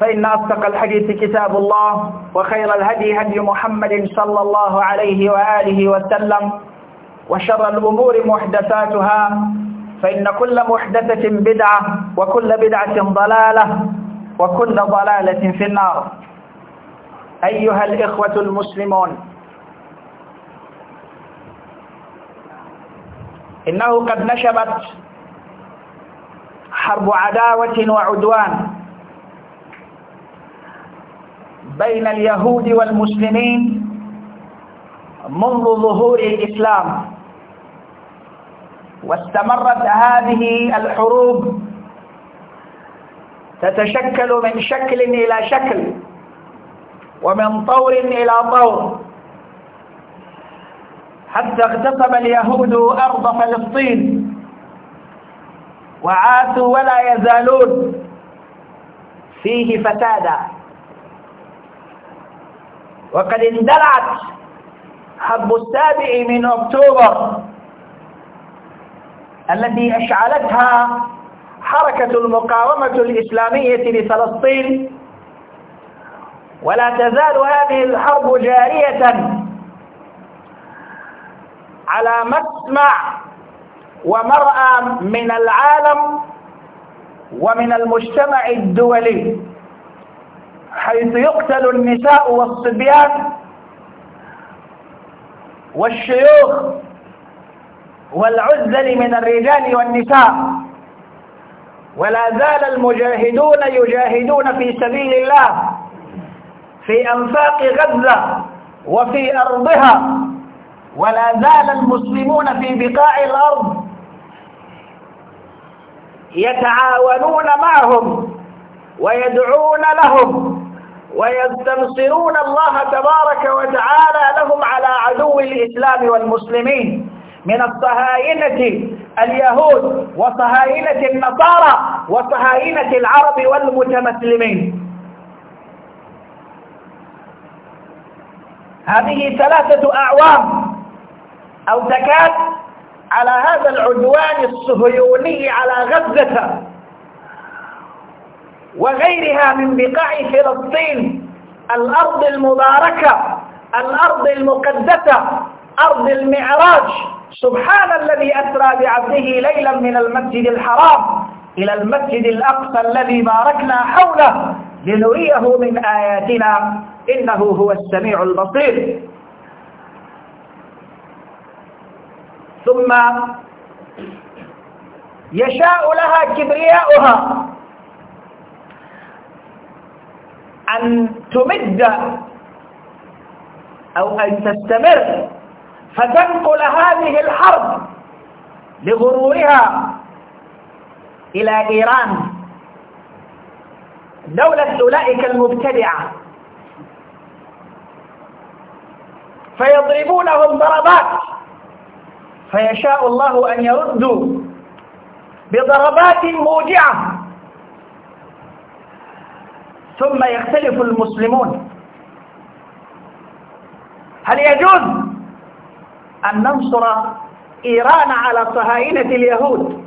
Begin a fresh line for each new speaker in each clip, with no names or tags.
فإن أصدق الحديث كتاب الله وخير الهدي هدي محمد صلى الله عليه وآله وسلم وشر الأمور محدثاتها فإن كل محدثة بدعة وكل بدعة ضلالة وكل ضلالة في النار أيها الإخوة المسلمون إنه قد نشبت حرب عداوة وعدوان بين اليهود والمسلمين منذ ظهور الإسلام واستمرت هذه الحروب تتشكل من شكل إلى شكل ومن طور إلى طور حتى اغتصب اليهود أرض فلسطين وعاتوا ولا يزالون فيه فسادا وقد اندلعت حب السابع من أكتوبر التي أشعلتها حركة المقاومة الإسلامية لفلسطين ولا تزال هذه الحرب جارية على مسمع ومرأى من العالم ومن المجتمع الدولي حيث يقتل النساء والصبيان والشيوخ والعزل من الرجال والنساء ولا زال المجاهدون يجاهدون في سبيل الله في أنفاق غزة وفي أرضها ولا زال المسلمون في بقاع الأرض يتعاونون معهم ويدعون لهم ويستنصرون الله تبارك وتعالى لهم على عدو الإسلام والمسلمين من الصهاينة اليهود وصهاينة النصارى وصهاينة العرب والمتمسلمين هذه ثلاثة أعوام أو تكاد على هذا العدوان الصهيوني على غزة وغيرها من بقاع فلسطين الأرض المباركة الأرض المقدسة أرض المعراج سبحان الذي أسرى بعبده ليلا من المسجد الحرام إلى المسجد الأقصى الذي باركنا حوله لنريه من آياتنا إنه هو السميع البصير ثم يشاء لها كبرياؤها أن تمد أو أن تستمر فتنقل هذه الحرب لغرورها إلى إيران دولة أولئك المبتدعة فيضربونهم ضربات فيشاء الله أن يردوا بضربات موجعة ثم يختلف المسلمون هل يجوز أن ننصر إيران على صهاينة اليهود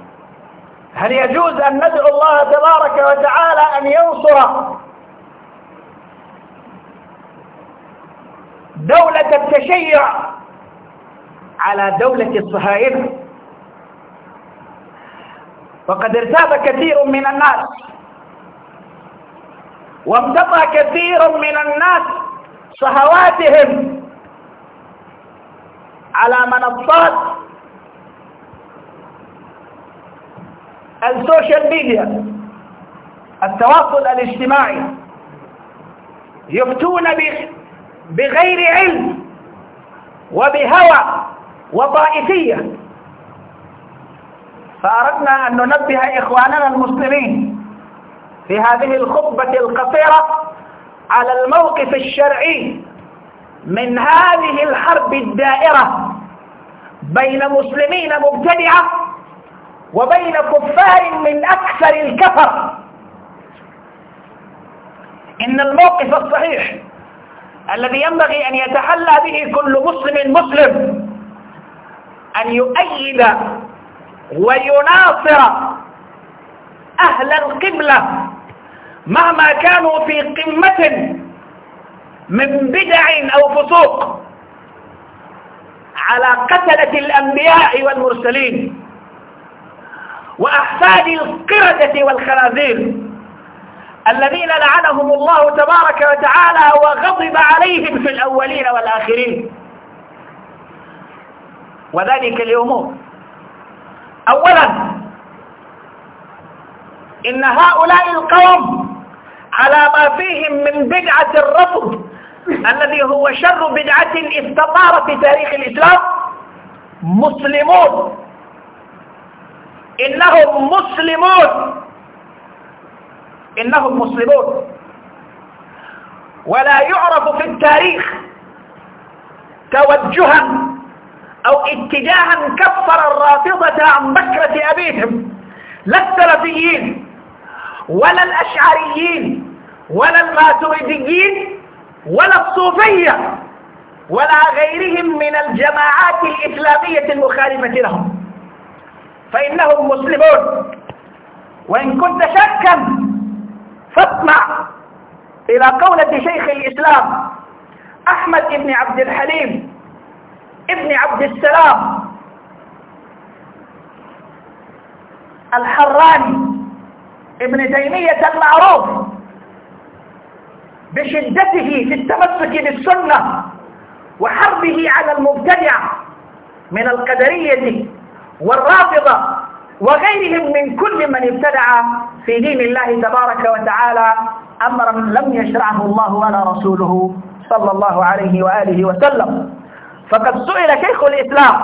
هل يجوز أن ندعو الله تبارك
وتعالى أن ينصر دولة التشيع على دولة الصهاينة وقد ارتاب كثير من الناس وامتطى كثير من الناس شهواتهم على منصات السوشيال ميديا التواصل الاجتماعي يفتون بغير علم وبهوى وطائفية فأردنا أن ننبه إخواننا المسلمين في هذه الخطبة القصيرة على الموقف الشرعي من هذه الحرب الدائرة بين مسلمين مبتدعة وبين كفار من أكثر الكفر إن الموقف الصحيح الذي ينبغي أن يتحلى به كل مسلم مسلم أن يؤيد ويناصر أهل القبلة مهما كانوا في قمة من بدع أو فسوق على قتلة الأنبياء والمرسلين وأحفاد القردة والخنازير الذين لعنهم الله تبارك وتعالى وغضب عليهم في الأولين والآخرين وذلك اليوم أولا إن هؤلاء القوم على ما فيهم من بدعة الرفض الذي هو شر بدعة استطار في تاريخ الإسلام مسلمون إنهم مسلمون إنهم مسلمون ولا يعرف في التاريخ توجها أو اتجاها كفر الرافضة عن بكرة أبيهم لا السلفيين ولا الأشعريين ولا الماتريديين ولا الصوفية ولا غيرهم من الجماعات الإسلامية المخالفة لهم فإنهم مسلمون وإن كنت شكا فاطمع إلى قولة شيخ الإسلام أحمد بن عبد الحليم ابن عبد السلام الحراني ابن تيمية المعروف بشدته في التمسك بالسنة وحربه على المبتدع من القدرية والرافضة وغيرهم من كل من ابتدع في دين الله تبارك وتعالى أمرا لم يشرعه الله ولا رسوله صلى الله عليه وآله وسلم فقد سئل شيخ الإسلام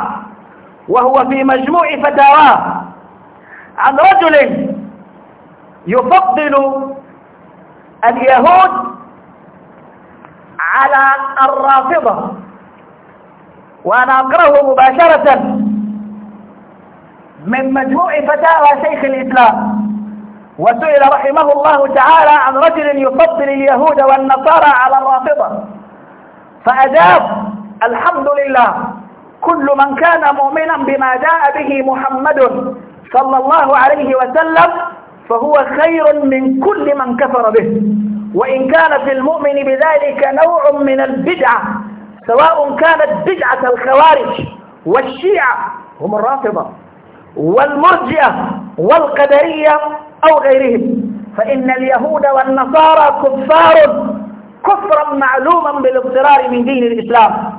وهو في مجموع فتاواه عن رجل يفضل اليهود على الرافضة وأنا أقرأه مباشرة من مجموع فتاوى شيخ الإسلام وسئل رحمه الله تعالى عن رجل يفضل اليهود والنصارى على الرافضة فأجاب الحمد لله كل من كان مؤمنا بما جاء به محمد صلى الله عليه وسلم فهو خير من كل من كفر به وإن كان في المؤمن بذلك نوع من البدعة سواء كانت بدعة الخوارج والشيعة هم الرافضة والمرجئة والقدرية أو غيرهم فإن اليهود والنصارى كفار كفرا معلوما بالاضطرار من دين الإسلام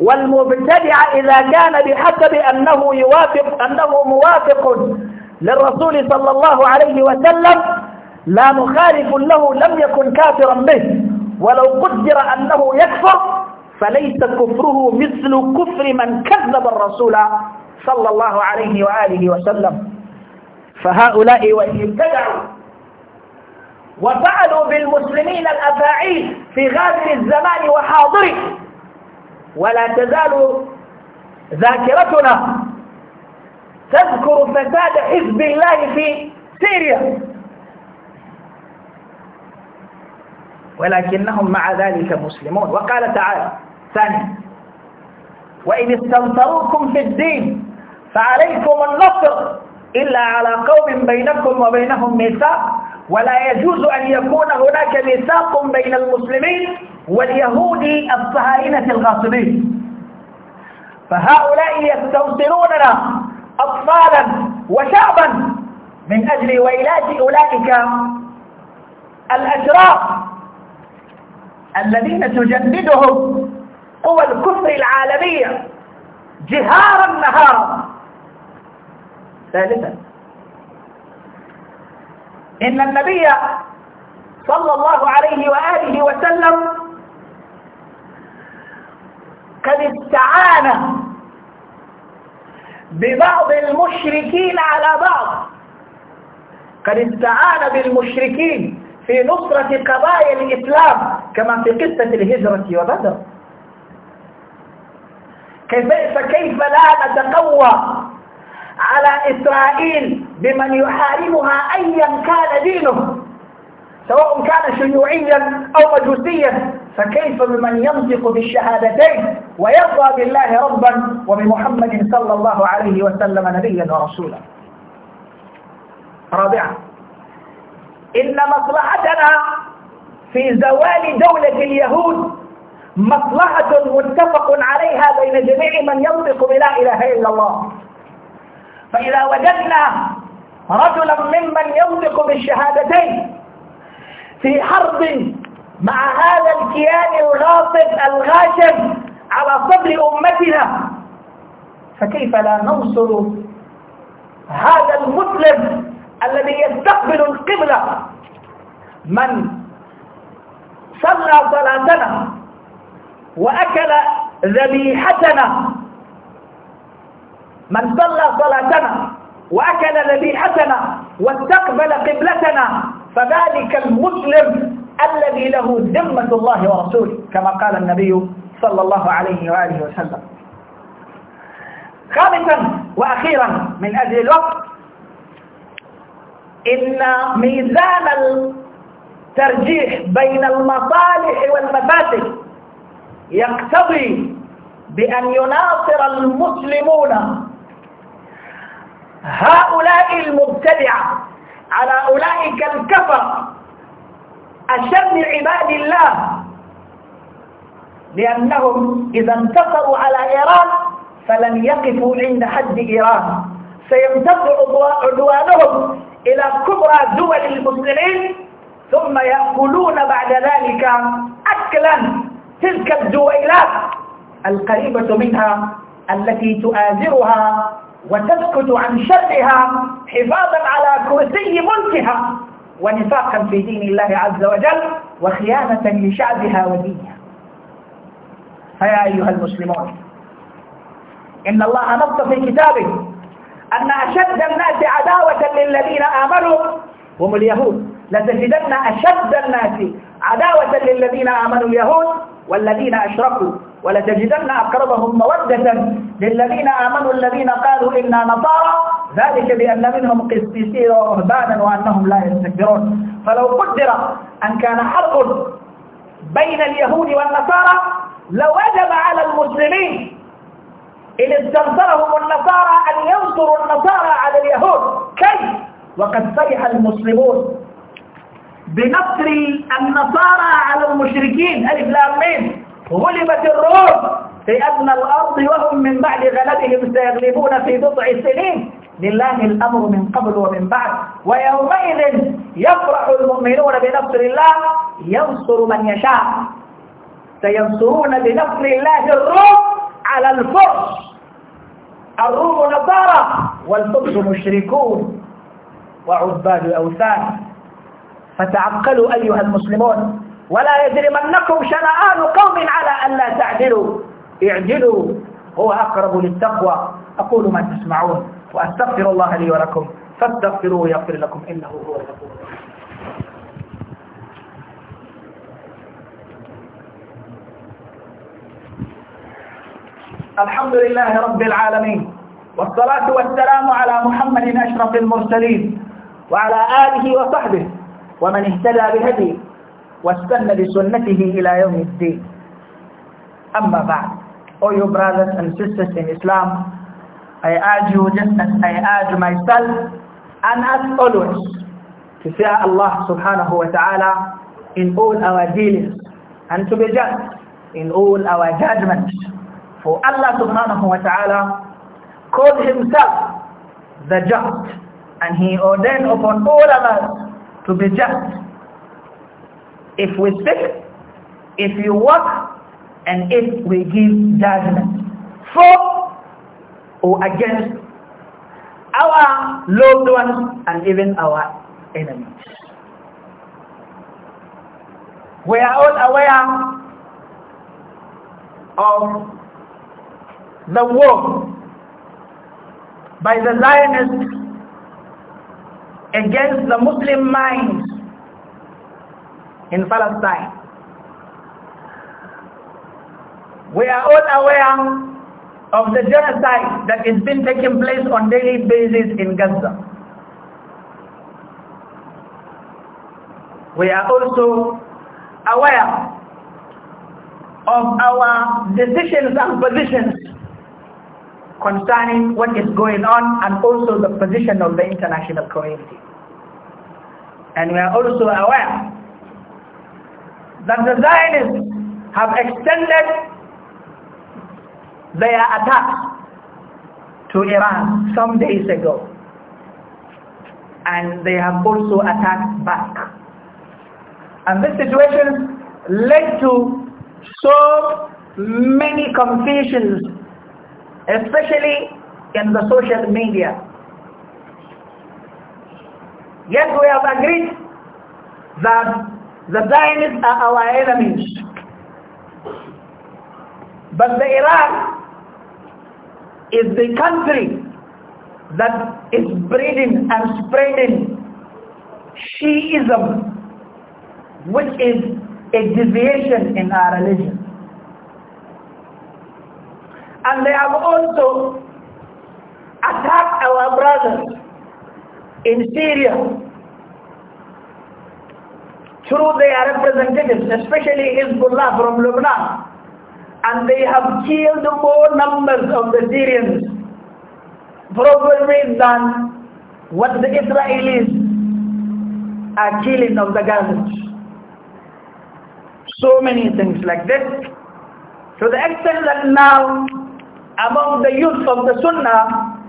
والمبتدع إذا كان بحسب أنه يوافق أنه موافق للرسول صلى الله عليه وسلم لا مخالف له لم يكن كافرا به ولو قدر أنه يكفر فليس كفره مثل كفر من كذب الرسول صلى الله عليه وآله وسلم فهؤلاء وإن ابتدعوا وفعلوا بالمسلمين الأفاعيل في غابر الزمان وحاضره ولا تزال ذاكرتنا تذكر فساد حزب الله في سيريا ولكنهم مع ذلك مسلمون وقال تعالى ثانيا وإن استنصروكم في الدين فعليكم النصر إلا على قوم بينكم وبينهم ميثاق ولا يجوز أن يكون هناك ميثاق بين المسلمين واليهود الصهاينة الغاصبين فهؤلاء يستنصروننا أطفالا وشعبا من أجل ويلات أولئك الأشرار الذين تجندهم قوى الكفر العالمية جهارا نهارا ثالثا إن النبي صلى الله عليه وآله وسلم قد استعان ببعض المشركين على بعض قد استعان بالمشركين في نصرة قضايا الإسلام كما في قصة الهجرة وبدر كيف فكيف لا نتقوى على إسرائيل بمن يحاربها أيا كان دينه سواء كان شيوعيا أو مجوسيا فكيف بمن ينطق بالشهادتين ويرضى بالله ربا وبمحمد صلى الله عليه وسلم نبيا ورسولا رابعا إن مصلحتنا في زوال دولة اليهود مصلحة متفق عليها بين جميع من ينطق بلا إله إلا الله فإذا وجدنا رجلا ممن ينطق بالشهادتين في حرب مع هذا الكيان الغاصب الغاشم على صدر أمتنا فكيف لا ننصر هذا المسلم الذي يستقبل القبلة من صلى صلاتنا وأكل ذبيحتنا من صلى صلاتنا وأكل ذبيحتنا واستقبل قبلتنا فذلك المسلم الذي له ذمة الله ورسوله كما قال النبي صلى الله عليه وآله وسلم خامسا وأخيرا من أجل الوقت إن ميزان الترجيح بين المصالح والمفاسد يقتضي بأن يناصر المسلمون هؤلاء المبتدعة على أولئك الكفر أشر عباد الله لأنهم إذا انتصروا على إيران فلن يقفوا عند حد إيران سيمتد عدوانهم إلى كبرى دول المسلمين ثم يأكلون بعد ذلك أكلا تلك الدويلات القريبة منها التي تؤازرها وتسكت عن شرها حفاظا على كرسي ملكها ونفاقا في دين الله عز وجل وخيانة لشعبها ودينها فيا أيها المسلمون إن الله نص في كتابه أن أشد الناس عداوة للذين آمنوا هم اليهود لتجدن أشد الناس عداوة للذين آمنوا اليهود والذين أشركوا ولتجدن أقربهم مودة للذين آمنوا الذين قالوا إنا نصارى ذلك بأن منهم قسيسين ورهبانا وأنهم لا يستكبرون فلو قدر أن كان حرب بين اليهود والنصارى لوجب على المسلمين إن استنصرهم النصارى أن ينصروا النصارى على اليهود كيف وقد فرح المسلمون بنصر النصارى على المشركين ألف لام غلبت الروم في أدنى الأرض وهم من بعد غلبهم سيغلبون في بضع سنين لله الأمر من قبل ومن بعد ويومئذ يفرح المؤمنون بنصر الله ينصر من يشاء سينصرون بنصر الله الروم على الفرس الروم نصارى والفرس مشركون وعباد الأوثان فتعقلوا أيها المسلمون ولا يجرمنكم شنآن قوم على ألا تعدلوا اعدلوا هو أقرب للتقوى أقول ما تسمعون وأستغفر الله لي ولكم فاستغفروه يغفر لكم إنه هو الغفور الحمد لله رب العالمين والصلاة والسلام على محمد أشرف المرسلين وعلى آله وصحبه ومن اهتدى بهديه واستنى بسنته إلى يوم الدين أما بعد O oh, your brothers and sisters in Islam I urge you just as I urge myself and as always to fear Allah subhanahu wa ta'ala in all our dealings and to be just in all our judgments for Allah subhanahu wa ta'ala called himself the just and he ordained upon all of us to be just if we speak, if you walk, and if we give judgment. For or against our loved ones and even our enemies. We are all aware of the war by the Zionists against the Muslim minds in Palestine. We are all aware of the genocide that is being taking place on daily basis in Gaza. We are also aware of our decisions and positions concerning what is going on and also the position of the international community. And we are also aware that the Zionists have extended their attack to Iran some days ago. And they have also attacked back. And this situation led to so many confusions, especially in the social media. Yet we have agreed that the Zionists are our enemies. But the Iraq is the country that is breeding and spreading Shiism, which is a deviation in our religion. And they have also attacked our brothers in Syria through their representatives, especially Hezbollah from Lebanon. And they have killed more numbers of the Syrians, probably than what the Israelis are killing of the Gazans. So many things like this. To the extent that now, among the youth of the Sunnah,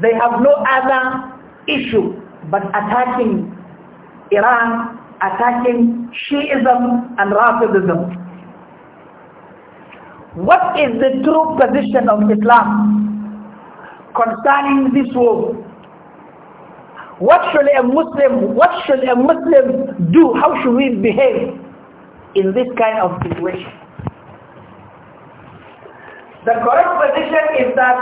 they have no other issue but attacking Iran attacking Shiism and Rafidism. What is the true position of Islam concerning this war? What should a Muslim, what should a Muslim do? How should we behave in this kind of situation? The correct position is that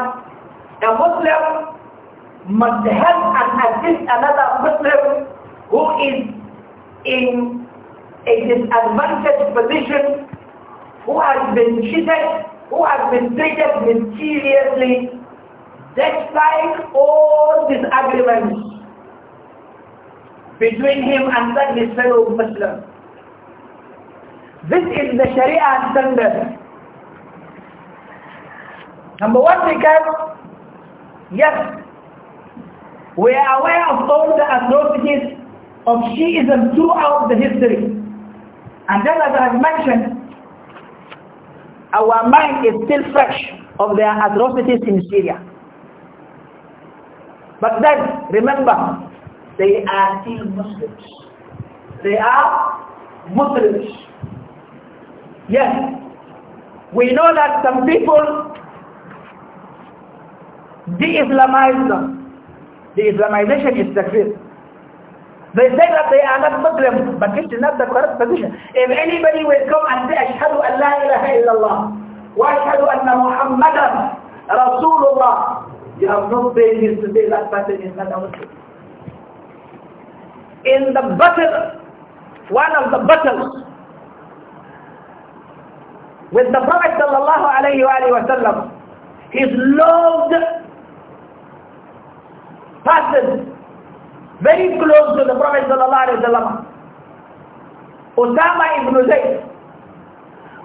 a Muslim must help and assist another Muslim who is in a disadvantaged position, who has been cheated, who has been treated mysteriously, despite all disagreements between him and his fellow Muslims. This is the Sharia standard. Number one, because yes, we are aware of all the atrocities of Shiism throughout the history. And then as I've mentioned, our mind is still fresh of their atrocities in Syria. But then, remember, they are still Muslims. They are Muslims. Yes, we know that some people de-Islamize them. The Islamization is the they say that they are not Muslim, but this is not the correct position. If anybody will come and say, أشهد أن لا إله إلا الله وأشهد أن محمدا رسول You have no basis to say that person is not a Muslim. In the battle, one of the battles, with the Prophet sallallahu alayhi wa sallam, his loved person very close to the Prophet ﷺ. Osama ibn Zayd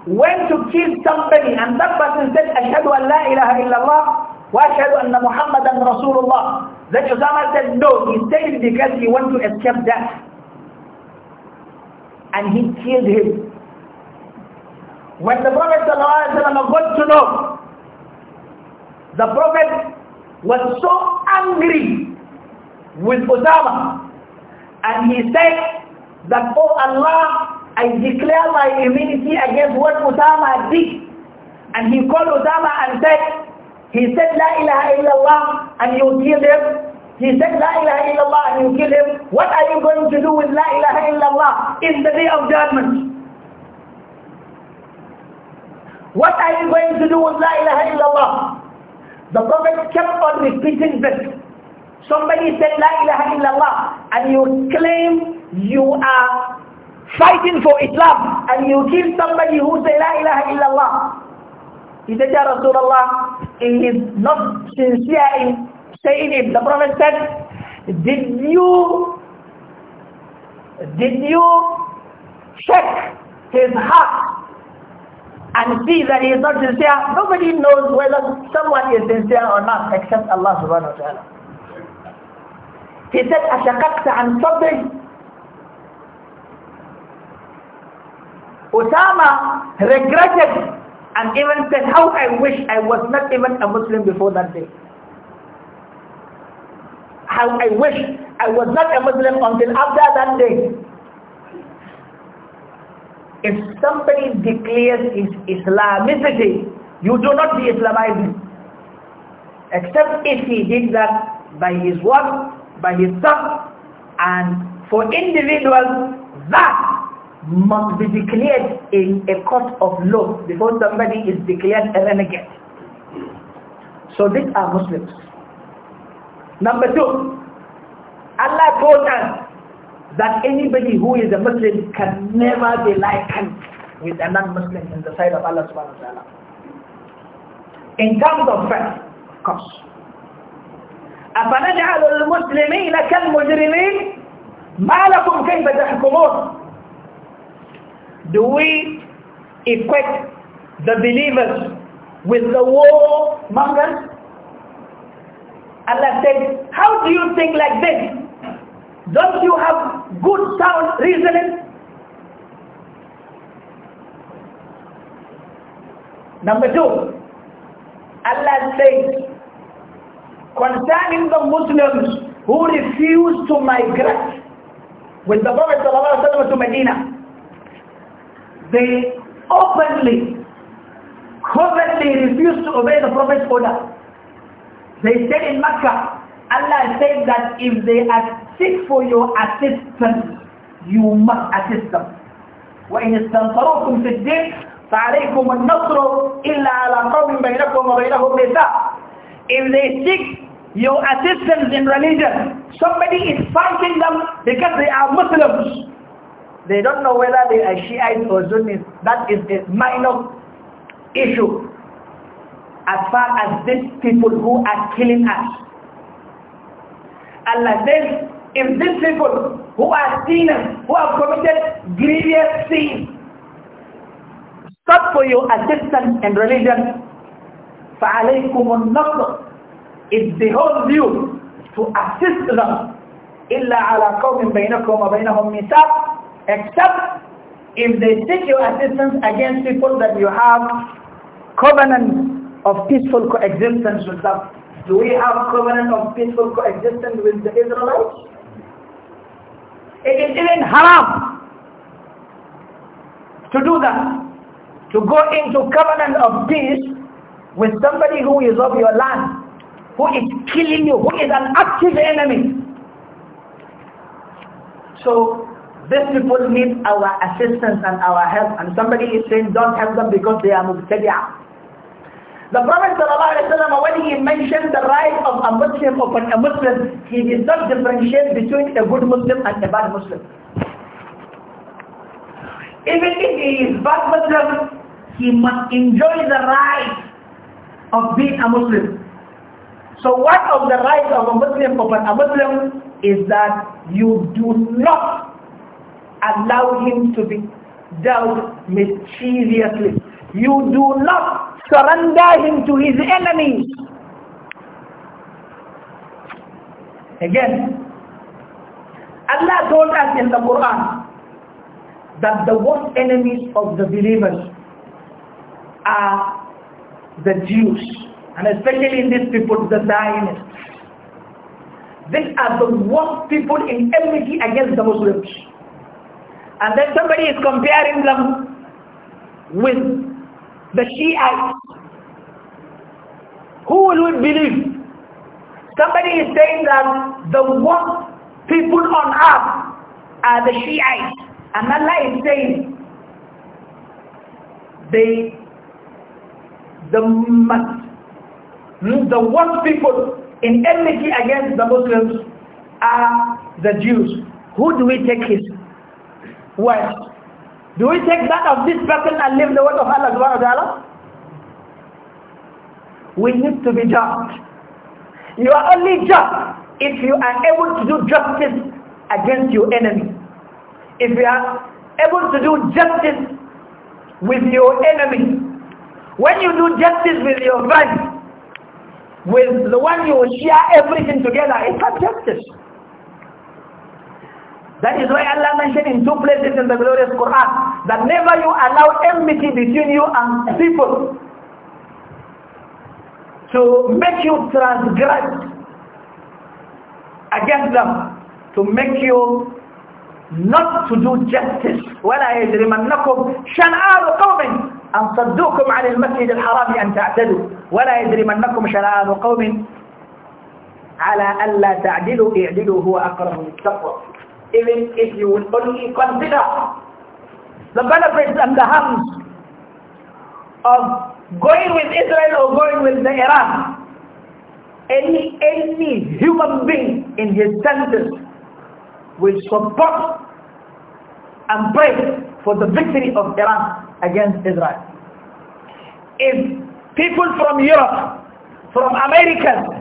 went to kill somebody and that person said, Ashhadu an la ilaha illallah wa ashhadu anna Muhammadan Rasulullah. Then Osama said, no, he said because he wanted to escape death. And he killed him. When the Prophet ﷺ got to know, the Prophet was so angry with Osama. And he said that, Oh Allah, I declare my immunity against what Osama did. And he called Osama and said, he said, La ilaha illallah, and you kill him. He said, La ilaha illallah, and you kill him. What are you going to do with La ilaha illallah in the day of judgment? What are you going to do with La ilaha illallah? The Prophet kept on repeating this. Somebody said La ilaha illallah and you claim you are fighting for Islam and you kill somebody who say La ilaha illallah. He said, Ya Rasulullah, he is not sincere in saying it. The Prophet said, did you, did you check his heart and see that he is not sincere? Nobody knows whether someone is sincere or not except Allah subhanahu wa ta'ala. He said, أشككت عن صدري. Osama regretted and even said, how I wish I was not even a Muslim before that day. How I wish I was not a Muslim until after that day. If somebody declares his Islamicity, you do not be Islamized. Except if he did that by his word by his son and for individuals that must be declared in a court of law before somebody is declared a renegade. So these are Muslims. Number two, Allah told us that anybody who is a Muslim can never be likened with a non-Muslim in the sight of Allah subhanahu wa ta'ala. In terms of faith, of course. أفنجعل المسلمين كالمجرمين ما لكم كيف تحكمون Do we equate the believers with the war mongers? Allah said, how do you think like this? Don't you have good sound reasoning? Number two, Allah says, concerning the Muslims who refused to migrate with the Prophet ﷺ to Medina. They openly, covertly refused to obey the Prophet's order. They said in Mecca, Allah said that if they seek for your assistance, you must assist them. وإن استنصروكم في الدين فعليكم النصر إلا على قوم بينكم وبينهم ميثاق if they seek your assistance in religion, somebody is fighting them because they are Muslims. They don't know whether they are Shiites or Sunnis. That is a minor issue as far as these people who are killing us. Allah says, if these people who are sinners, who have committed grievous sins, stop for your assistance in religion, فَعَلَيْكُمُ النَّصْرُ It beholds you to assist them إِلَّا عَلَى قَوْمٍ بَيْنَكُمْ وَبَيْنَهُمْ مِيثَاقٌ Except if they seek your assistance against people that you have covenant of peaceful coexistence with them. Do we have covenant of peaceful coexistence with the Israelites? It is even haram to do that. To go into covenant of peace with somebody who is of your land, who is killing you, who is an active enemy. So these people need our assistance and our help and somebody is saying don't help them because they are mubtadi'ah. The Prophet ﷺ, when he mentioned the right of a Muslim upon a Muslim, he did not differentiate between a good Muslim and a bad Muslim. Even if he is bad Muslim, he must enjoy the right of being a Muslim. So one of the rights of a Muslim of a Muslim is that you do not allow him to be dealt mischievously. You do not surrender him to his enemies. Again, Allah told us in the Quran that the worst enemies of the believers are the Jews, and especially in these people, the Zionists. These are the worst people in enmity against the Muslims. And then somebody is comparing them with the Shiites. Who will we believe? Somebody is saying that the worst people on earth are the Shiites. And Allah is saying they the, hmm? the worst people in enmity against the Muslims are the Jews. Who do we take his word? Do we take that of this person and leave the word of Allah subhanahu wa ta'ala? We need to be just. You are only just if you are able to do justice against your enemy. If you are able to do justice with your enemy, when you do justice with your friend, with the one you share everything together, it's not justice. That is why Allah mentioned in two places in the glorious Quran that never you allow enmity between you and people to make you transgress against them, to make you not to do justice. وَلَا يَجْرِمَنَّكُمْ شَنْعَارُ قَوْمٍ أن صدوكم عن المسجد الحرام أن تعتدوا ولا يدرمنكم شنآن قوم على ألا تعدلوا اعدلوا هو أقرب للتقوى even if you will only consider the benefits and the harms of going with Israel or going with the Iran any any human being in his senses will support and pray for the victory of Iran against Israel. If people from Europe, from America,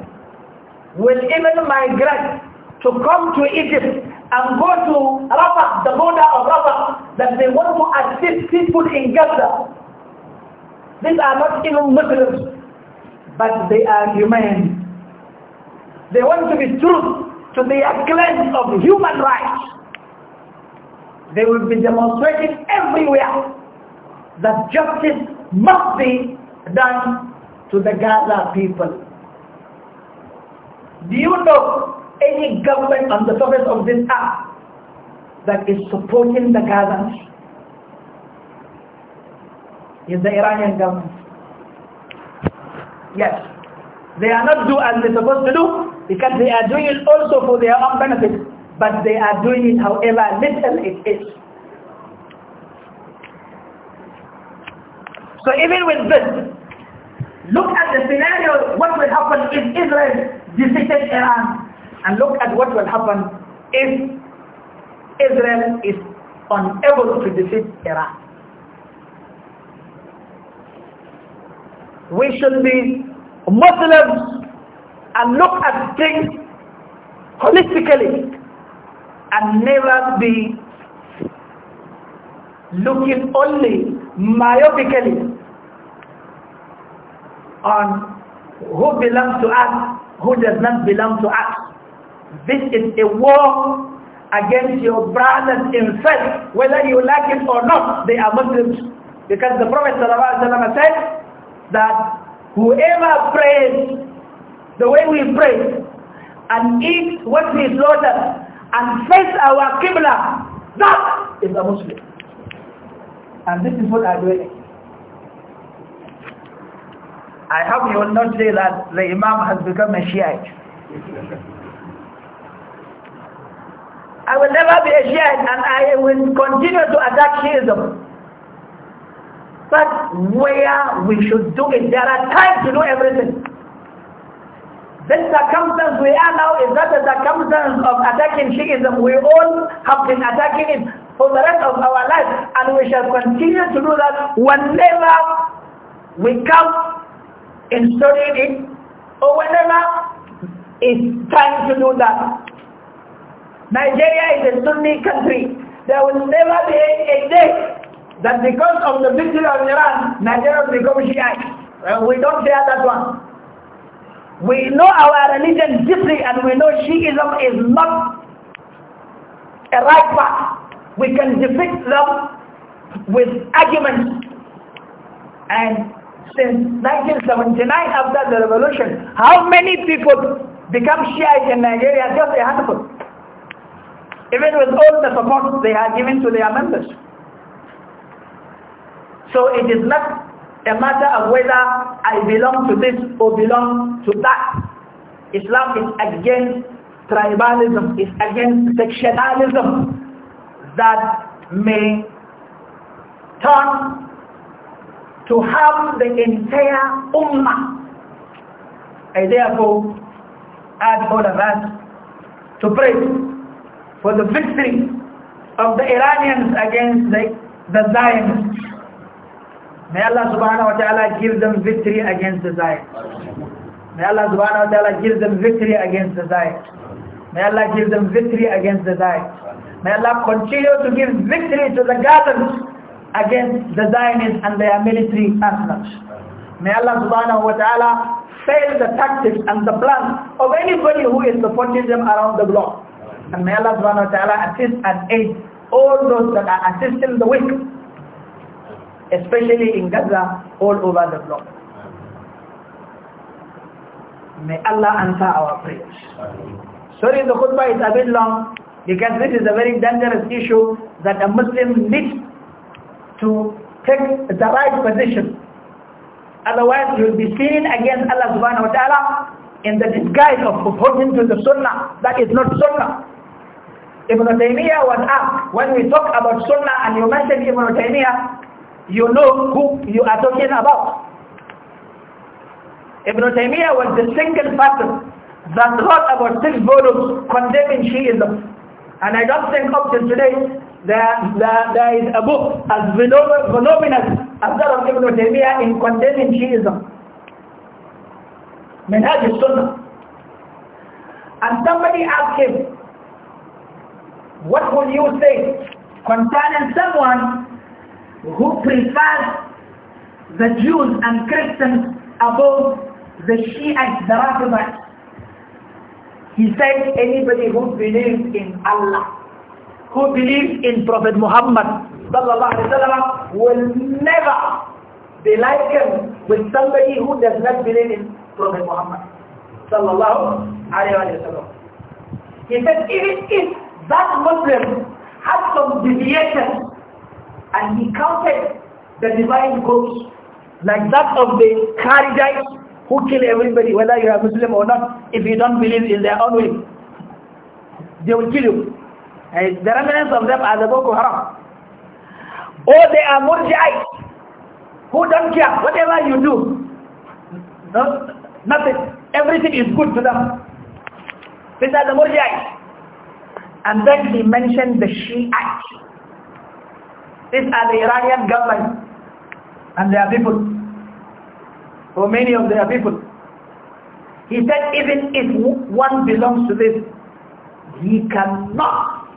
will even migrate to come to Egypt and go to Rafah, the border of Rafah, that they want to assist people in Gaza. These are not even Muslims, but they are human. They want to be true to the acclaim of human rights. They will be demonstrating everywhere that justice must be done to the Gaza people. Do you know any government on the surface of this earth that is supporting the Gazans? Is the Iranian government. Yes. They are not doing as they're supposed to do because they are doing it also for their own benefit but they are doing it however little it is. So even with this, look at the scenario, what will happen if Israel defeated Iran, and look at what will happen if Israel is unable to defeat Iran. We should be Muslims and look at things holistically and never be looking only myopically on who belongs to us, who does not belong to us. This is a war against your brothers in faith, whether you like it or not, they are Muslims. Because the Prophet said that whoever prays the way we pray and eats what we slaughtered and face our Qibla. That is a Muslim. And this is what I do. I hope you will not say that the Imam has become a Shiite. I will never be a Shiite and I will continue to attack Shiism. But where we should do it, there are times to do everything. The circumstance we are now is not a circumstance of attacking Shiism. We all have been attacking it for the rest of our life and we shall continue to do that whenever we come in studying it or whenever it's time to do that. Nigeria is a Sunni country. There will never be a day that because of the victory of Iran, Nigeria will become Shiite. We don't share that one. We know our religion deeply and we know Shiism is not a right path. We can defeat them with arguments. And since 1979 after the revolution, how many people become Shiite in Nigeria? Just a handful. Even with all the support they are giving to their members. So it is not a matter of whether I belong to this or belong to that. Islam is against tribalism, is against sectionalism that may turn to harm the entire ummah. I therefore urge all of us to pray for the victory of the Iranians against the, the Zionists May Allah subhanahu wa ta'ala give them victory against the Zion. May Allah subhanahu wa ta'ala give them victory against the Zion. May Allah give them victory against the Zion. May Allah continue to give victory to the Gazans against the Zionists and their military arsenals. May Allah subhanahu wa ta'ala fail the tactics and the plans of anybody who is supporting them around the globe. And may Allah subhanahu wa ta'ala assist and aid all those that are assisting the weak especially in Gaza, all over the globe. May Allah answer our prayers. Sorry the khutbah is a bit long because this is a very dangerous issue that a Muslim needs to take the right position. Otherwise you will be sinning against Allah subhanahu wa ta'ala in the disguise of opposing to the sunnah. That is not sunnah. Ibn Taymiyyah was asked, when we talk about sunnah and you mentioned Ibn Taymiyyah, you know who you are talking about. Ibn Taymiyyah was the single person that wrote about six volumes condemning Shiism. And I don't think up till today there, there, there is a book as voluminous as that of Ibn Taymiyyah in condemning Shiism. Minhaj Sunnah. And somebody asked him, what would you say concerning someone who prefers the Jews and Christians above the Shiites, the Rafidites. He said anybody who believes in Allah, who believes in Prophet Muhammad will never be likened with somebody who does not believe in Prophet Muhammad He said even if that Muslim has some deviations and he counted the divine groups like that of the Kharijites who kill everybody whether you are Muslim or not if you don't believe in their own way they will kill you and the remnants of them are the Boko Haram or they are Murji'ites who don't care whatever you do no, nothing everything is good to them these are the Murji'ites and then he mentioned the Shiites these are the Iranian government and their people, or many of their people. He said even if one belongs to this, he cannot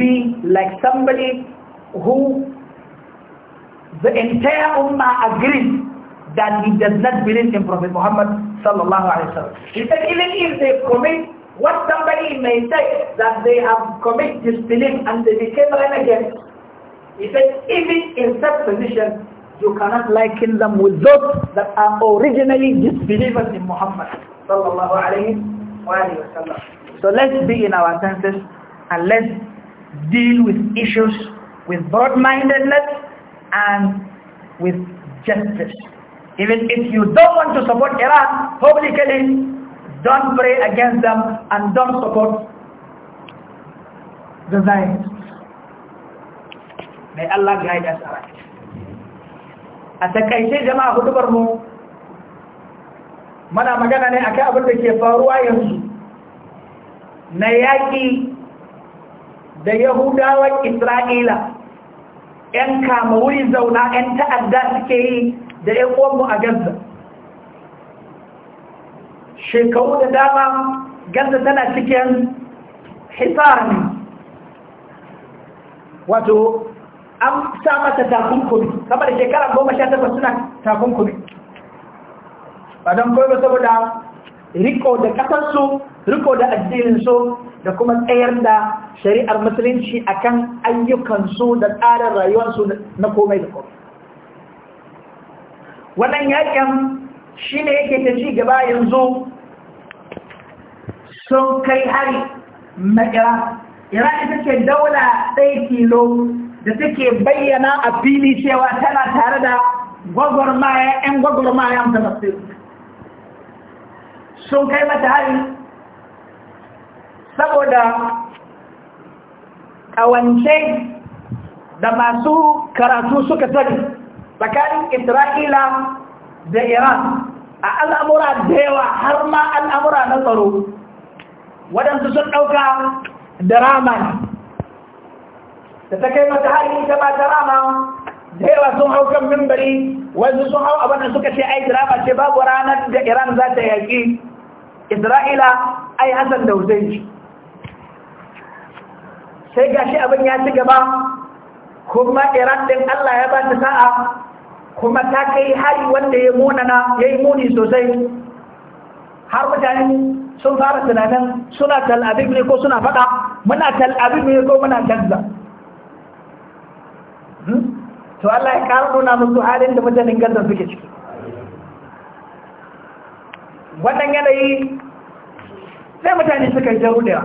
be like somebody who the entire ummah agrees that he does not believe in Prophet Muhammad sallallahu alaihi wasallam. He said even if they commit what somebody may say that they have committed disbelief and they became renegades, he said, even in such position, you cannot liken them with those that are originally disbelievers in Muhammad So let's be in our senses and let's deal with issues with broad-mindedness and with justice. Even if you don't want to support Iran publicly, don't pray against them and don't support the Zionists. Mai Allah ga us A takaice jama'a hudubar mu mana magana ne akan abin da ke faruwa yanzu na yaƙi da Yahudawan Isra'ila, ‘yan kamawuri zauna ‘yan ta'adda suke yi da ‘yan uwanmu a Gaza. Shekaru da dama Gaza tana cikin hisar ne, wato an sa mata takunkumi sama da shekara goma sha takwas suna takunkumi ba don kawai saboda riko da ƙasarsu riko da addininsu da kuma tsayar da shari'ar musulunci a kan ayyukansu da tsarin rayuwarsu na komai da komai wannan yakin shi ne yake ta ci gaba yanzu sun kai hari na ira ita ce daula ɗaya kilo da take bayyana a fili cewa tana tare da gwagwarmaya 'yan gwagwarmaya ta masu sun kai mata hari saboda ƙawance da masu karatu suka sani tsakanin isra'ila da iran a al'amura da yawa har ma al'amura na tsaro waɗansu sun ɗauka da ramani da ta kai mata hari ita ba rama da sun hau kan mimbari wasu sun hau abin da suka ce ai drama ce babu ranar da iran za ta yaƙi isra'ila ai hassan da hussein sai gashi abin ya ci gaba kuma iran din allah ya ba ta sa'a kuma ta kai hari wanda ya munana ya yi muni sosai har mutane sun fara tunanin suna tal'abib ne ko suna faɗa muna tal'abib ne ko muna canza to Allah ya ƙara nuna musu halin da mutanen gaza suke ciki wannan yanayi sai mutane suka yi jarudewa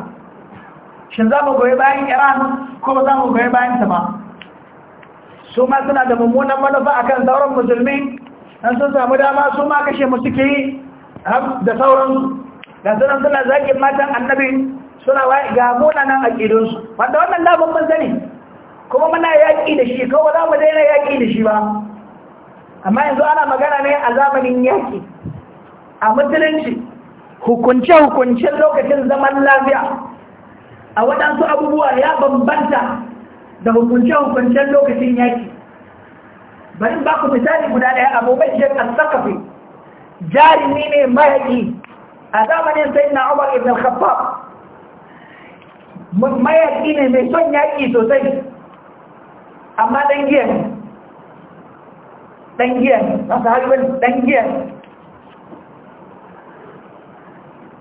shin za mu goyi bayan iran ko ba za mu goyi bayan ta ba su ma suna da mummunan manufa akan sauran musulmi don sun samu dama su ma kashe mu suke yi da sauran da sunan suna zagin matan annabi suna ga munanan aƙidunsu wanda wannan damar mun sani kuma muna yaƙi da shi kawo za mu daina yaƙi da shi ba amma yanzu ana magana ne a zamanin yaƙi a musulunci hukunce-hukuncen lokacin zaman lafiya a waɗansu abubuwa ya bambanta da hukunce-hukuncen lokacin yaƙi bari ba ku misali guda ɗaya abubuwan shi a tsakafi jarumi ne mayaƙi a zamanin sai na umar ibn al mayaƙi ne mai son yaƙi sosai amma ɗan giya ɗan masu hajjibar ɗan giya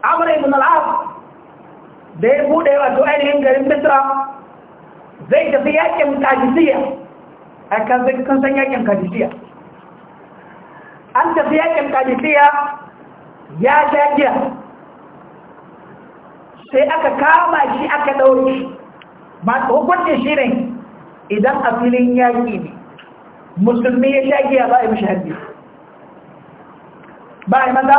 amurai mun al'af da ya buɗe wato ainihin garin bitra zai tafi yakin kajisiyya a kan san yakin kajisiyya an tafi yakin kajisiyya ya jajiya sai aka kama shi aka ɗaure ba masu shi ne idan a filin yaƙi ne musulmi ya shaƙi ya ba a yi mishi haddi ba a yi mata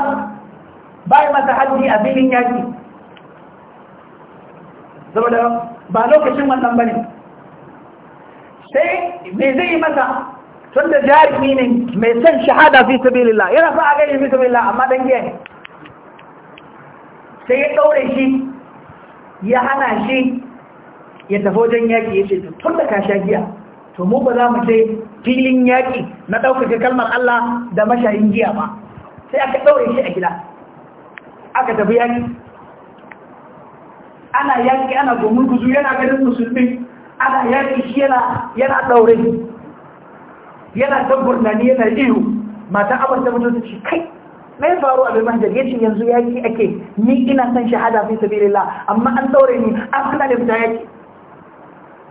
ba a yi mata haddi a filin yaƙi saboda ba lokacin wannan ba ne sai me zai yi masa tun da jarumi ne mai son shahada fi sabilillah yana sa a gani fi sabilillah amma dan giya ne sai ya ɗaure shi ya hana shi ya tafi wajen yaƙi ya ce tun da ka sha giya to mu ba za mu ce filin yaƙi na ɗaukaka kalmar Allah da mashayin giya ba sai aka ɗaure shi a gida aka tafi yaƙi ana yaƙi ana domin gudu yana ganin musulmi ana yaƙi shi yana ɗaure yana dabbar na ni yana iyo mata mutu ta ce kai na ya faru a bai mahajar ce yanzu yaƙi ake ni ina son shahada fi sabilillah amma an ɗaure ni an hana da fita yaƙi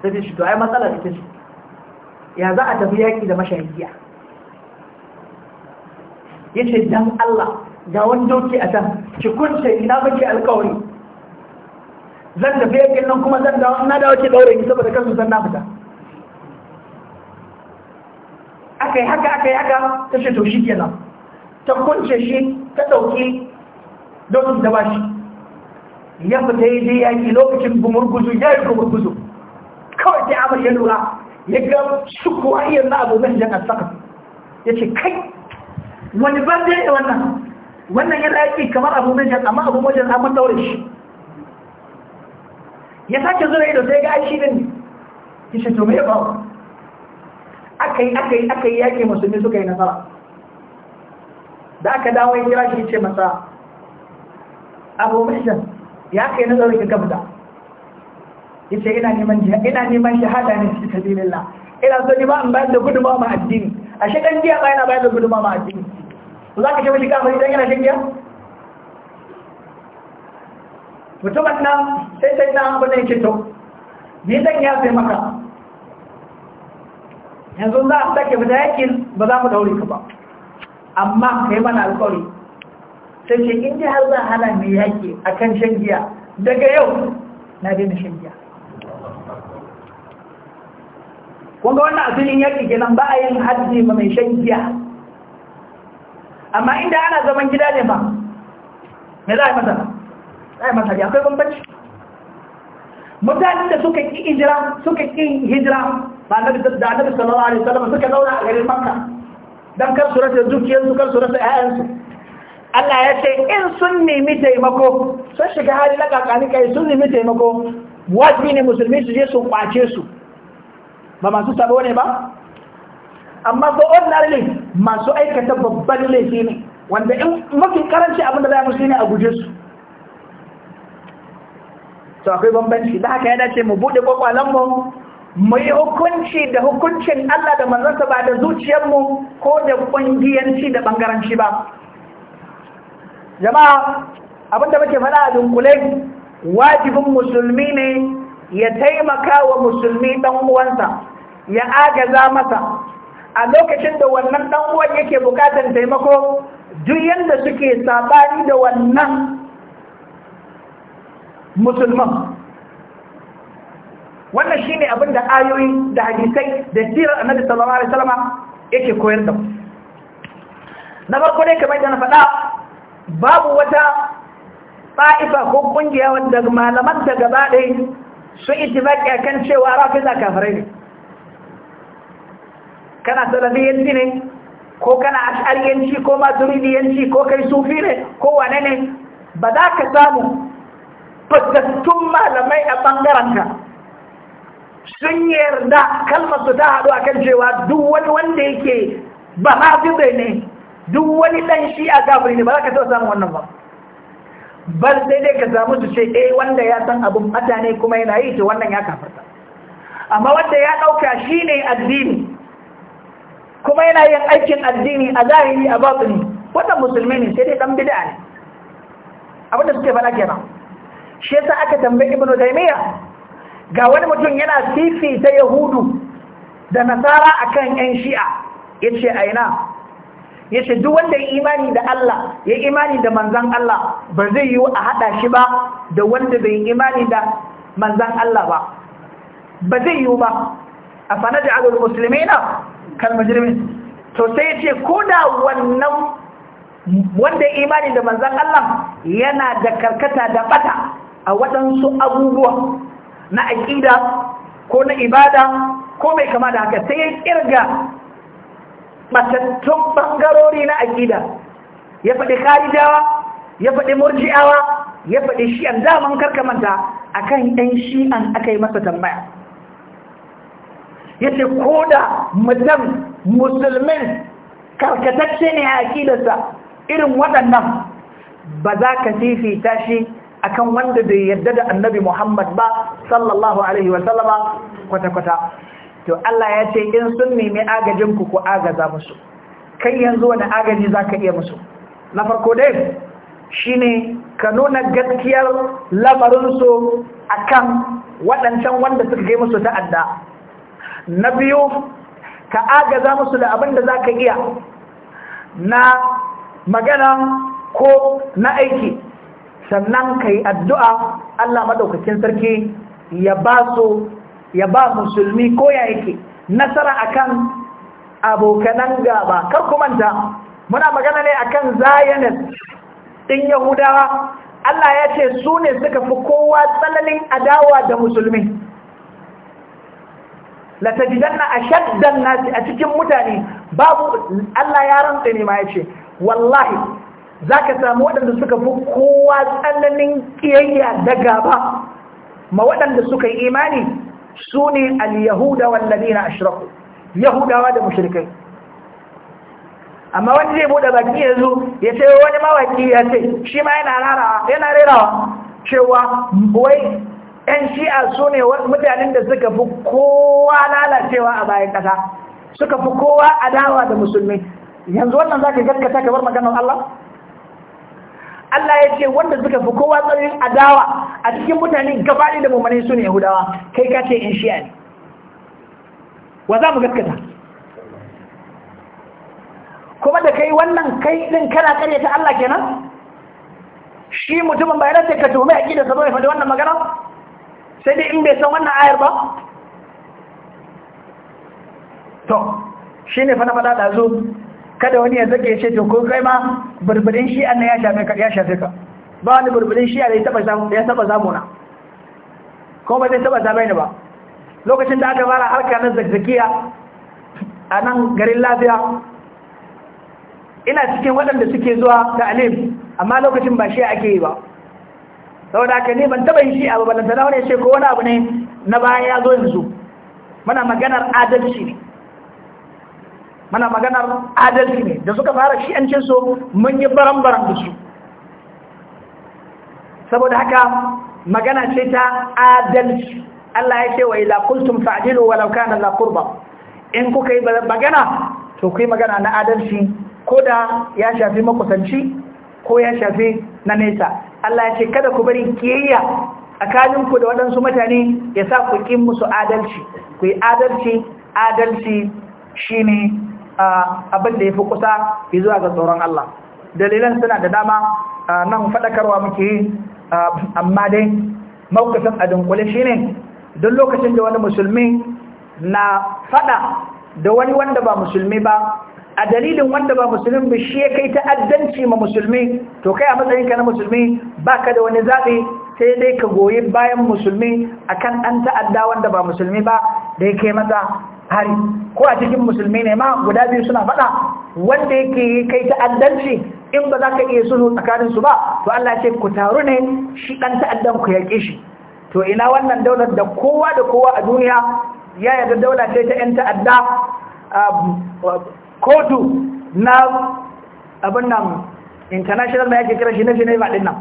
sai shi to ai matsala ita ce ya za a tafi yaƙi da mashahidiya ya ce dan Allah ga wani doki a can ki kunce ina baki alƙawari zan tafi yaki nan kuma zan dawo na dawo ke daure ni saboda kasu san na fita aka yi haka aka yi haka ta ce to shi kenan ta kunce shi ta ɗauki doki da bashi ya fita yi dai-dai yaƙi lokacin gumurguzu ya yi gumurguzu kawai sai amur ya lura ya ga sukuwa iya na Abu mai jan saka ya ce kai wani ban zai yi wannan wannan yana laifi kamar mai jan amma Abu mai jan amma daure shi ya sake zura ido sai ga shi din ya ce to me ya bawa aka yi aka yi aka yi yake musulmi suka yi nasara da aka dawo ya kira shi ce masa mai jan ya kai nazarin ka gabda yace ina neman jihad ina neman shahada ne cikin sabilillah ina so ni ba in bayar da gudunmawa ma addini a shekan jiya ba yana bayar da gudunmawa ma addini za ka shafi shiga mai idan yana shekiya mutumin nan sai sai na abu ne ke to ni zan ya sai maka yanzu za a sake fita yakin ba za mu daure ka ba amma kai mana alƙawari sai ce in ji har za hana mai yaki akan shan giya daga yau na daina shan giya Kunga wannan abin yaƙi kenan ba a yin haddi ma mai shan giya amma inda ana zaman gida ne ma me za a yi masa za a yi masa akwai bambanci mutanen da suka ƙi hijira suka ƙi hijira ba na da annabi sallallahu alaihi wasallam suka zauna a garin makka dan kar su rasa dukiyar su kar su rasa ƴaƴansu Allah ya ce in sun nemi taimako sun shiga hali na kakani kai sun nemi taimako wajibi ne musulmi su je su kwace su ba masu sabo ne ba amma ko ordinarily masu aikata babban laifi ne wanda in mafi karanci abinda za mu shi ne a guje su to akwai bambanci da haka ya dace mu bude kwakwalanmu mu yi hukunci da hukuncin Allah da manzansa ba da zuciyarmu ko da ƙungiyanci da bangaranci ba jama'a abinda muke faɗa a dunkule wajibin musulmi ne ya taimaka wa musulmi ɗan uwansa ya agaza masa a lokacin da wannan dan uwan yake bukatar taimako duk yanda suke sabani da wannan musulman wannan shine abin da ayoyi da hadisai da sirar annabi sallallahu alaihi wasallam yake koyar da na farko dai kamar da na faɗa babu wata ta'ifa ko kungiya wanda malaman da gaba ɗaya su ittifaqi akan cewa rafiza kafirai ne kana salafiyanci ne ko kana ash'ariyanci ko maturidiyanci ko kai sufi ne ko wane ne ba za ka samu fasattun malamai a ɓangaranka sun yarda kalmarsu ta haɗu a kan cewa duk wani wanda yake ba ma ne duk wani ɗan shi a kafiri ne ba za ka taɓa samun wannan ba ba sai dai ka samu su ce eh wanda ya san abin mata ne kuma yana yi to wannan ya kafarta amma wanda ya ɗauka shi ne addini kuma yana yin aikin addini a zahiri a batsuni. wannan musulmi ne sai dai dan bid'a ne abin da suke fara kenan shi yasa aka tambayi ibnu taymiya ga wani mutum yana sifi ta yahudu da nasara akan yan shi'a yace aina yace duk wanda ya imani da Allah ya imani da manzon Allah ba zai yi a hada shi ba da wanda bai imani da manzon Allah ba ba zai yi ba afanaja muslimina kalmujirmi to sai ya ce ko da wannan wanda imani da manzan Allah yana da karkata da bata a waɗansu abubuwa na aƙida ko na ibada ko mai kama da haka sai ya ƙirga matattun ɓangarori na aƙida ya faɗi ƙarijawa ya faɗi murji'awa ya faɗi shi'an daman karkamanta kan ɗan shi'an aka yi masa tambaya yace ko da mutum musulmin karkatacce ne a akidarsa irin waɗannan ba za ka fifita shi kan wanda da yarda da annabi Muhammad ba sallallahu alaihi wa sallama kwata-kwata to Allah ya ce in sun nemi agajin ku ko agaza musu kai yanzu wani agaji za ka iya musu na farko dai ne ka nuna gaskiyar lamarin su kan waɗancan wanda suka gai musu ta'adda na biyu ka agaza musu da abin da za ka iya na magana ko na aiki sannan ka yi addu'a Allah maɗaukakin sarki ya ba su ya ba musulmi ko ya yake nasara akan abokanan gaba kar ku manta muna magana ne akan zionist ɗin yahudawa Allah ya ce su ne suka fi kowa tsananin adawa da musulmi la tajidanna ashaddan nasi a cikin mutane babu Allah ya rantsa ne ma yace wallahi zaka samu waɗanda suka fi kowa tsananin kiyayya da gaba ma waɗanda suka yi imani sune al-yahuda wal ladina ashraku yahudawa da mushrikai amma wanda zai bude baki yanzu ya ce wani mawaki ya ce shi ma yana rarawa yana rarawa cewa wai ‘yan shi'a su ne mutanen da suka fi kowa lalacewa a bayan ƙasa suka fi kowa adawa da musulmi yanzu wannan za ka gaskata kamar maganar Allah? Allah ya ce wanda suka fi kowa tsarin adawa a cikin mutane gabaɗi da mummane su ne Yahudawa kai ka ce in shi'a ne wa za mu gaskata kuma da kai wannan kai ɗin kana ta Allah kenan shi mutumin bayanar da ka tuhumi a ƙi da sabo ya faɗi wannan magana sai dai in bai san wannan ayar ba to shi ne fa na faɗa ɗazu kada wani ya zage ce to ko kai ma burburin shi annan ya shafe ka ya shafe ka ba wani burburin shi ya taba zamu ya taba zamu na ko ba zai taba zamu ni ba lokacin da aka fara harka na zakzakiya a nan garin lafiya ina cikin waɗanda suke zuwa ta'alim amma lokacin ba shi ake yi ba saboda haka ne ban taba yin shi abu balanta na wani ce ko wani abu ne na baya ya zo yanzu mana maganar adalci ne mana maganar adalci ne da suka fara shi an so mun yi baran-baran da su saboda haka magana ce ta adalci Allah ya ce wa ila kuntum fa'dilu walau kana la qurba in kuka yi magana to kai magana na adalci ko da ya shafi makusanci ko ya shafi na nesa Allah ya ce kada ku bari kiyayya tsakanin ku da waɗansu mutane ya sa ku ƙin musu adalci ku yi adalci adalci shi ne abin da ya fi kusa zuwa ga tsoron Allah dalilan suna da dama nan faɗakarwa muke yi amma dai mawukacin a dunkule shi ne don lokacin da wani musulmi na faɗa da wani wanda ba musulmi ba a dalilin wanda ba musulmi ba shi ya kai ta'addanci ma musulmi to kai a matsayinka na musulmi baka da wani zaɓi sai dai ka goyi bayan musulmi akan an ta'adda wanda ba musulmi ba da yake kai maza hari ko a cikin musulmi ne ma guda biyu suna faɗa wanda yake kai ta'addanci in ba za ka iya sulhu su ba to Allah ce ku taru ne shi ɗan ta'addan ku yaƙe shi to ina wannan daular da kowa da kowa a duniya ya yarda daular ce ta 'yan ta'adda um, kotu na abin nan international mai yake kira shi na geneva din nan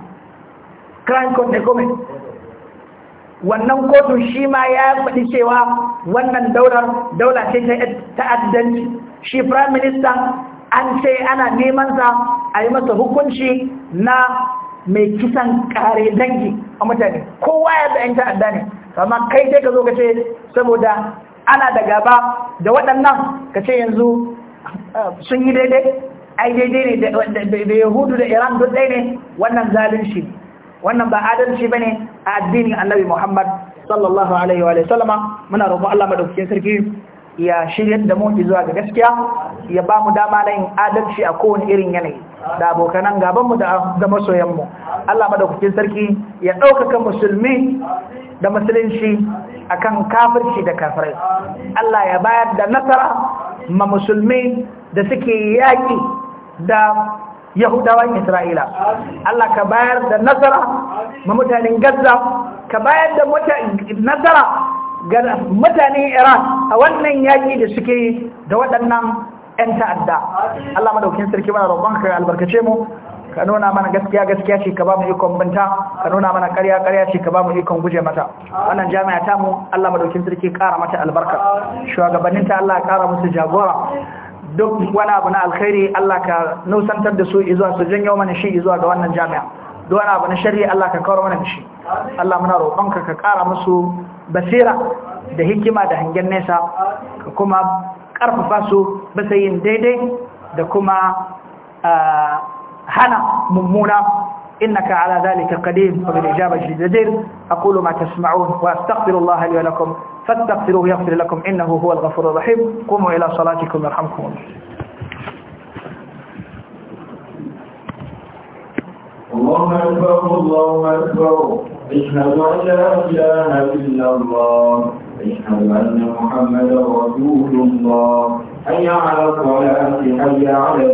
crime court ne kome wannan kotu shi ma ya faɗi cewa wannan daular daula ce ta ta'addanci shi prime minister an ce ana neman sa a yi masa hukunci na mai kisan kare dangi a mutane kowa ya ta'yan ta'adda ne amma kai sai ka zo ka ce saboda ana da gaba da waɗannan ka ce yanzu sun yi daidai ai daidai ne da yahudu da iran duk ɗaya ne wannan zalunci wannan ba adalci ba ne a addinin annabi muhammad sallallahu alaihi wa sallama muna roƙon allah madaukakin sarki ya shiryar da mu zuwa ga gaskiya ya ba mu dama na yin adalci a kowane irin yanayi da abokanan gabanmu da masoyanmu allah madaukakin sarki ya ɗaukaka musulmi da musulunci akan kafirci da kafirai Allah ya bayar da nasara ma musulmi da suke yaƙi da yahudawan isra'ila Allah ka bayar da nasara ma mutanen gaza ka bayar da nasara ga mutanen iran a wannan yaƙi da suke da waɗannan 'yan ta'adda Allah madaukin sarki mana roƙon ka albarkace mu ka nuna mana gaskiya gaskiya ce ka ba mu ikon binta ka nuna mana ƙarya ƙarya ce ka ba mu ikon guje mata wannan jami'a ta mu Allah madaukin sarki ƙara mata albarka shugabannin ta Allah ya ƙara musu jagora duk wani abu na alkhairi Allah ka nusantar da su izuwa su janyo mana shi izuwa ga wannan jami'a duk wani abu na shari'a Allah ka kawar mana shi Allah muna roƙonka ka kara musu basira da hikima da hangen nesa ka kuma ƙarfafa su bisa yin daidai da kuma ah, hana mummuna إنك على ذلك قدير إجابة جدير أقول ما تسمعون وأستغفر الله لي ولكم فاستغفروه يغفر لكم إنه هو الغفور الرحيم قوموا إلى صلاتكم يرحمكم الله الله أكبر الله أكبر اشهد أن لا إله إلا الله اشهد أن محمدا رسول الله حي على الصلاة حي على